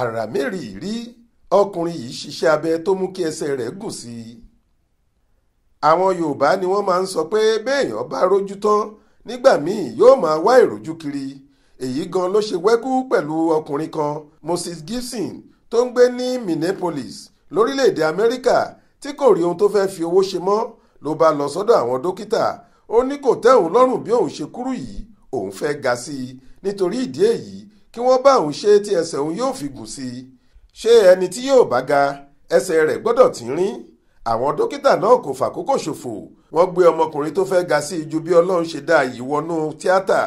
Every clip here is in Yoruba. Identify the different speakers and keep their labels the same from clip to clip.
Speaker 1: àrà mérìírí ọkùnrin yìí ṣiṣẹ́ abẹ tó mú kí ẹsẹ̀ rẹ̀ gùn sí i àwọn yorùbá ni wọ́n máa ń sọ pé béèyàn bá rójú tán nígbà míì yóò máa wá ìrójú kiri èyí gan ló ṣe wẹ́kú pẹ̀lú ọkùnrin kan Moses Gibson tó ń gbé ní Minneapolis lórílẹ̀‐èdè Amẹ́ríkà tí kò rí ohun tó fẹ́ẹ́ fi owó ṣe mọ́ ló bá lọ sọ́dọ̀ àwọn dókítà ó ní kò tẹ́ òun lọ́rùn bí òun ṣe kúrú yìí òun fẹ́ ga sí i nítorí ìdí èyí kí wọ́n bá òun ṣe tí ẹsẹ̀ òun yóò fi gùn sí i ṣé ẹni tí yóò bá ga ẹsẹ̀ rẹ̀ gbọ́dọ̀ tínrín àwọn dókítà náà kò fàkókò ṣòfò wọ́n gbé ọmọkùnrin tó fẹ́ ga sí ju bí ọlọ́run ṣe dá yìí wọnú tíátà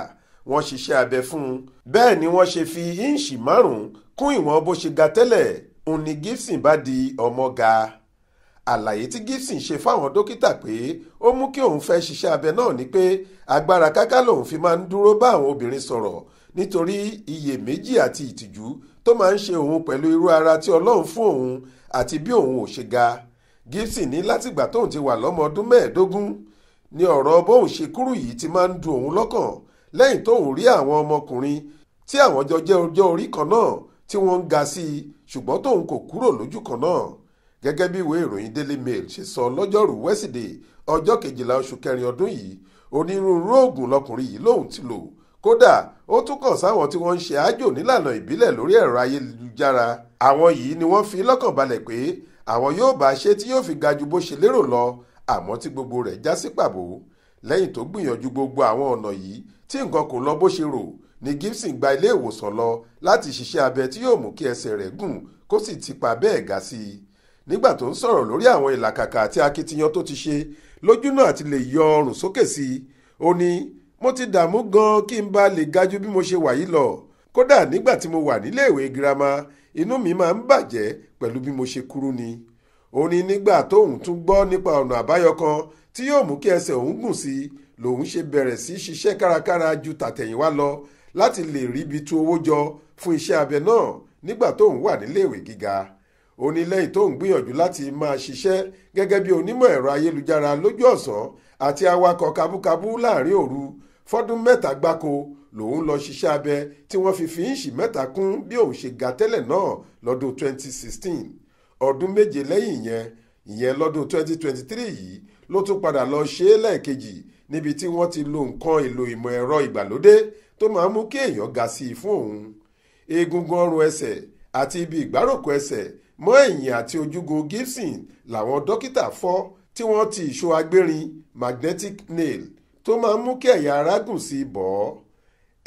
Speaker 1: wọ́n ṣiṣẹ́ abẹ fún un bẹ́ẹ̀ ni wọ́n ṣe fi íǹṣì márùn-ún kún ìwọ̀n bó ṣe ga tẹ́lẹ̀ òun ni Gibson bá di ọmọ ga àlàyé tí Gibson ṣe fáwọn dókítà pé ó mú kí òun fẹ́ ṣiṣẹ́ abẹ náà ni pé agbára káká lòun fi máa ń dúró bá àwọn obìnrin sọ̀rọ̀ nítorí iyèméjì àti ìtìjú tó máa ń ṣe òun pẹ̀lú irú ara tí ọlọ́run fún òun àti bí òun ò ṣe ga Gibson ní látìgbà tóun ti wà lọ́mọ ọdún mẹ́ẹ̀ẹ́dógún ni ọ̀rọ̀ bóun ṣe kúrú yìí ti máa ń du òun lọ́kàn lẹ́yìn tóun rí àwọn ọmọkùnrin tí àwọn jọ jẹ́ ọjọ́ orí kan náà tí wọ́n ń ga sí i ṣùgbọ́n tóun kò kúrò lójú kan náà gẹ́gẹ́ bí ìwé ìròyìn Daily Mail ṣe sọ lọ́jọ́rùú wẹ́sídẹ̀ẹ́ ọjọ́ kejìlá oṣù kẹrin ọdún yìí onírúurú oògùn lọkùnrin yìí lòun ti lò kódà ó tún kàn sáwọn tí wọ́n ń ṣe àjò nílànà ìbílẹ̀ lórí ẹ̀rọ ayélujára àwọn yìí ni wọ́n fi lọ́kàn balẹ̀ pé àwọn yóò bá ṣe tí yóò fi ga ju bó ṣe lérò lọ àmọ́ tí gbogbo rẹ̀ já sí pàbó lẹ́yìn tó gbìyànjú gbogbo àwọn ọ̀nà yìí tí nǹkan kò lọ bó ṣe rò ni Gibson gba ilé ìwòsàn lọ láti ṣiṣẹ́ abẹ tí yóò mú kí ẹsẹ̀ rẹ̀ gùn kó sì ti pa bẹ́ẹ̀ ga sí i nígbà tó ń sọ̀rọ̀ lórí àwọn ìlàkàkà àti akitiyan tó ti ṣe lójúnà àti lè yọ ọrùn sókè sí i ó ní mo ti dààmú gan-an kí n ba lè ga ju bí mo ṣe wà yìí lọ kódà nígbà tí mo wà níléèwé girama inú mi máa ń bàjẹ́ pẹ̀lú bí mo ṣe kúrú ni ó ní nígbà tóun tún gbọ́ nípa ọ̀nà àbáyọ kan tí yóò mú kí ẹsẹ̀ òun gùn sí i lòun ṣe bẹ̀rẹ̀ sí ṣiṣẹ́ kárakára ju tàtẹ̀yìnwá lọ láti lè ríbi tú owó jọ fún iṣẹ́ abẹ náà nígbà tóun wà níléèwé gíga ó ní lẹ́yìn tóun gbìyànjú láti máa ṣiṣẹ́ gẹ́gẹ́ bí onímọ̀ ẹ̀rọ ayélujára lójú ọ̀sán àti awakọ̀ kabúkabú láàrin òru fọ́dún mẹ́ta gbáko lòun lọ ṣiṣẹ́ abẹ tí wọ́n fi fi mẹ́ta kún bí òun ṣe ga tẹ́lẹ̀ náà lọ́dún 2016 ọdún méje lẹ́yìn yẹn ìyẹn lọ́dún 2023 yìí ló tún padà lọ ṣe é lẹ́ẹ̀kejì níbi tí wọ́n ti lo nǹkan èlò ìmọ̀ ẹ̀rọ ìgbàlódé tó máa mú kí èèyàn ga sí i fún òun egungun ọrùn ẹsẹ̀ àti ibi ìgbáròkó ẹsẹ̀ mọ́ ẹ̀yìn àti ojúgo Gibson làwọn dókítà fọ́ tí wọ́n ti ìṣó agbérin magnetic nail tó máa ń mú kí ẹ̀yà ara gùn sí i bọ̀ ọ́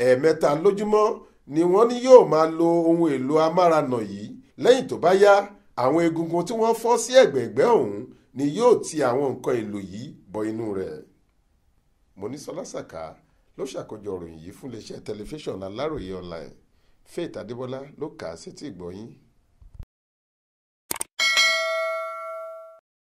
Speaker 1: ẹ̀ẹ̀mẹta lójúmọ́ ni wọ́n ní yóò máa lo ohun èlò amáranà yìí lẹ́yìn tó bá yá àwọn egungun tí wọ́n fọ́ sí ẹ̀gbẹ̀ẹ̀gbẹ́ ọ̀hún ni yóò ti àwọn nǹkan èlò yìí bọ inú rẹ̀ Monísọ́lá Sàká ló ṣàkójọ ìròyìn yìí fún iléeṣẹ́ tẹlifíṣàn Aláròye online Faith Adébọlá ló kà á sétí ìgbọ́yín.